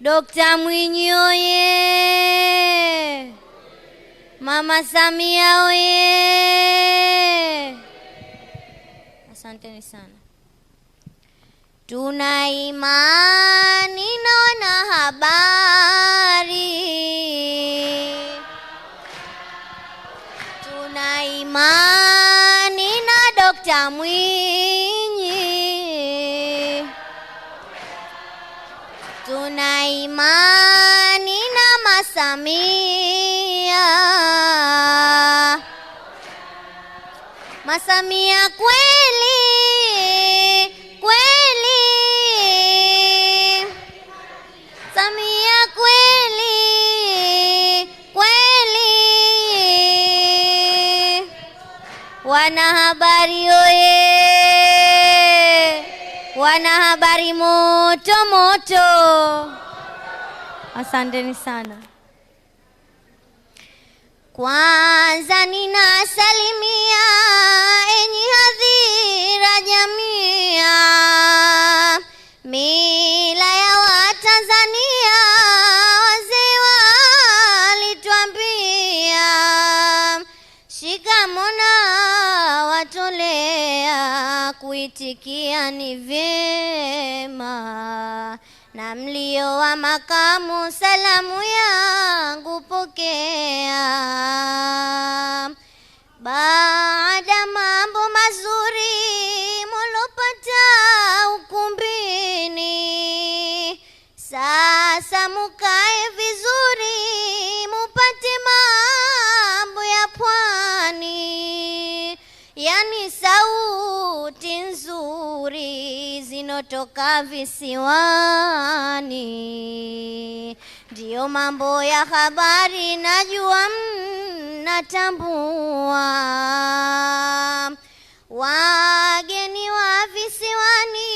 Dokta Mwinyi oye! Mama Samia oye! Asanteni sana. Tuna imani na wanahabari, tuna imani na Dokta Mwinyi Amani na Masamia, Masamia kweli kweli, Samia kweli kweli, wanahabari oye, wanahabari moto moto Asanteni sana. Kwanza ninasalimia enyi hadhira, jamia, mila ya Watanzania wazee walitwambia, na watolea kuitikia ni vyema na mlio wa makamu, salamu yangu pokea. Baada mambo mazuri kutoka visiwani, ndiyo mambo ya habari najua, mnatambua wageni wa visiwani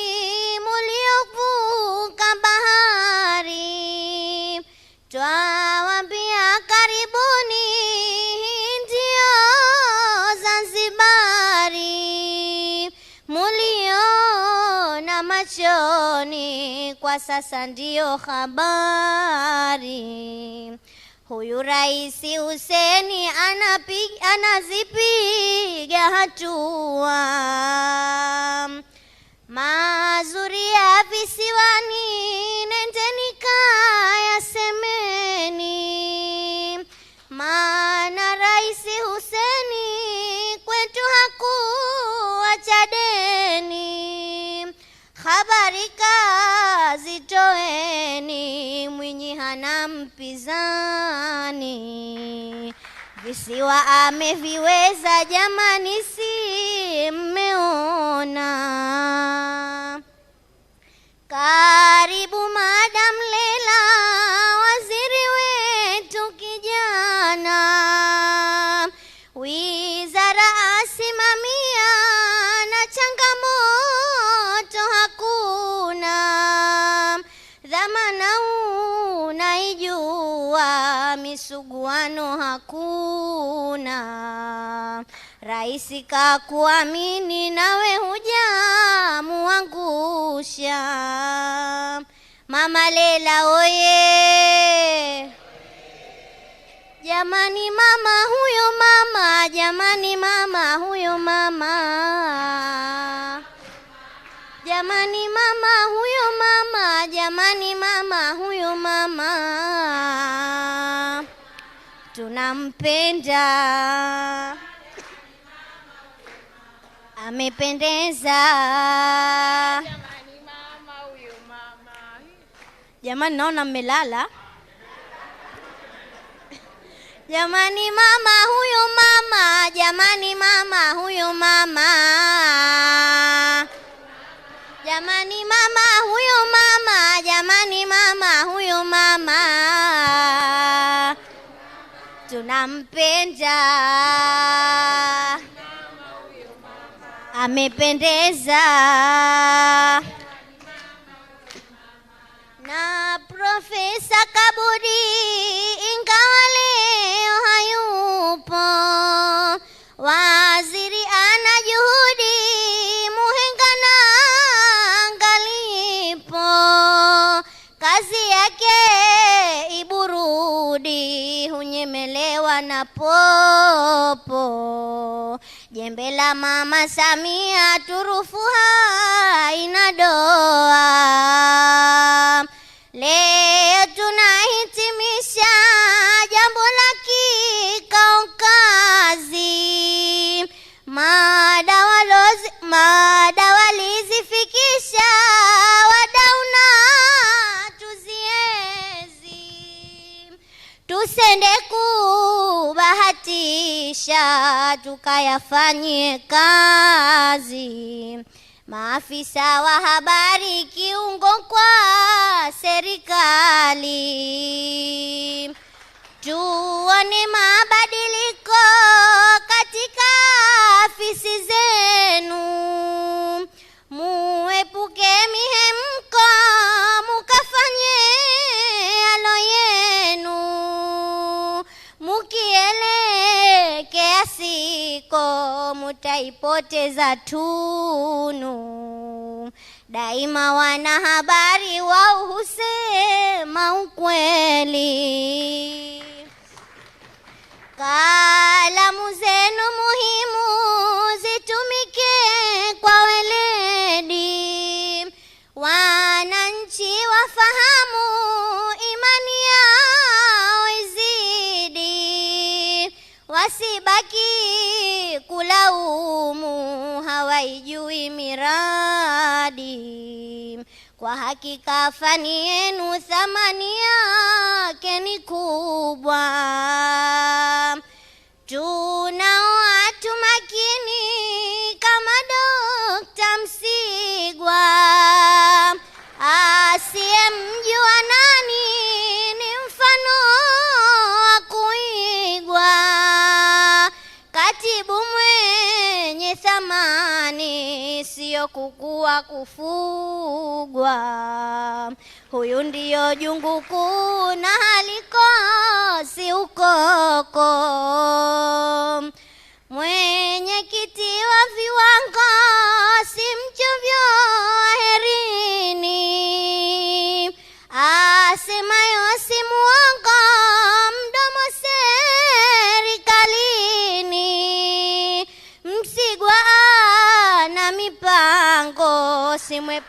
mtandaoni kwa sasa ndio habari. Huyu Rais Huseni anazipiga hatua mazuri ya mpizani visiwa ameviweza jamani, si mmeona? Karibu Madam lela waziri wetu kijana, wizara asimamia mfano hakuna. Raisi kakuamini, nawe hujamuangusha. Mama Lela oye! Jamani mama huyo mama, jamani mama huyo mama, jamani mama huyo mama, jamani mama huyo mama tunampenda, amependeza. Jamani, naona mmelala. Jamani mama huyu mama, jamani mama huyu mama amependeza na Profesa Kabudi ingawa leo hayupo, waziri ana juhudi, Muhenga na angalipo, kazi yake iburudi, hunyemelewa na popo Jembe la Mama Samia turufu haina doa. Leo tunahitimisha jambo la kikao kazi mada walozi ma kayafanye kazi, maafisa wa habari kiungo kwa serikali. utaipoteza tunu. Daima wanahabari wao husema ukweli. Kalamu zenu muhimu haijui miradi. Kwa hakika fani yenu thamani yake ni kubwa. Tuna watu makini kama Dokta Msigwa asiyemjua nani kukua kufugwa, huyu ndiyo jungu kuu na halikosi ukoko. Mwenyekiti wa viwango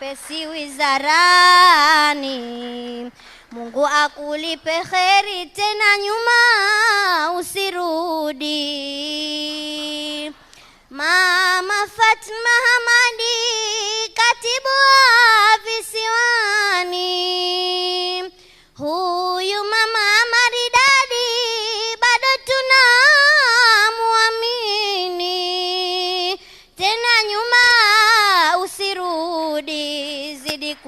wepesi wizarani. Mungu akulipe kheri tena nyuma usirudi. Mama Fatma Hamadi, katibu wa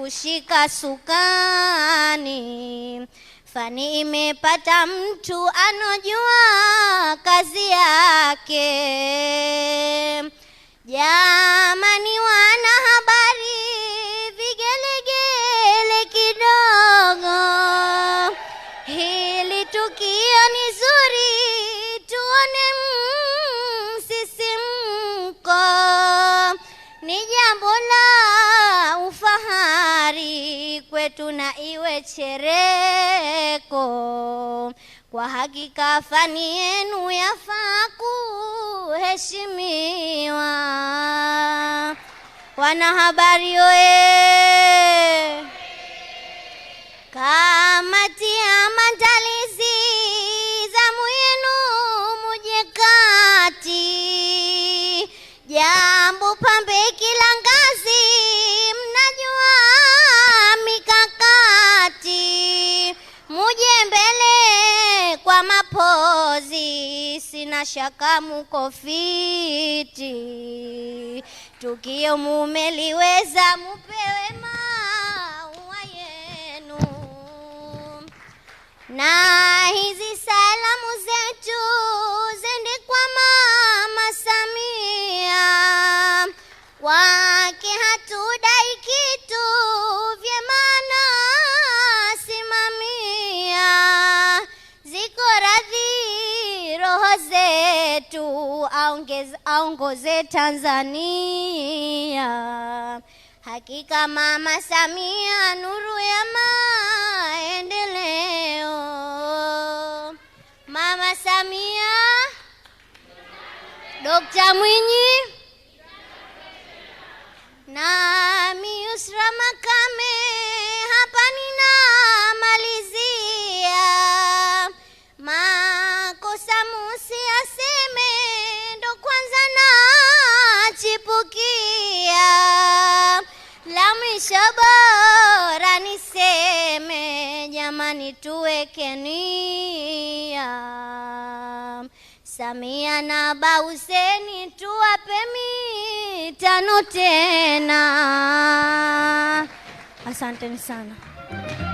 kushika sukani, fani imepata mtu anojua kazi yake ja chereko kwa hakika fani yenu yafaa kuheshimiwa. Wanahabari oye! Kamati ya mandalizi na shaka mukofiti fiti, tukio mumeliweza, mupewe maua yenu na hizi salamu zenu aongoze Tanzania. Hakika Mama Samia nuru ya maendeleo. Mama Samia, Dokta Mwinyi na kisha bora, niseme jamani, tuweke nia. Samia na Bauseni tuwape mitano tena. Asanteni sana.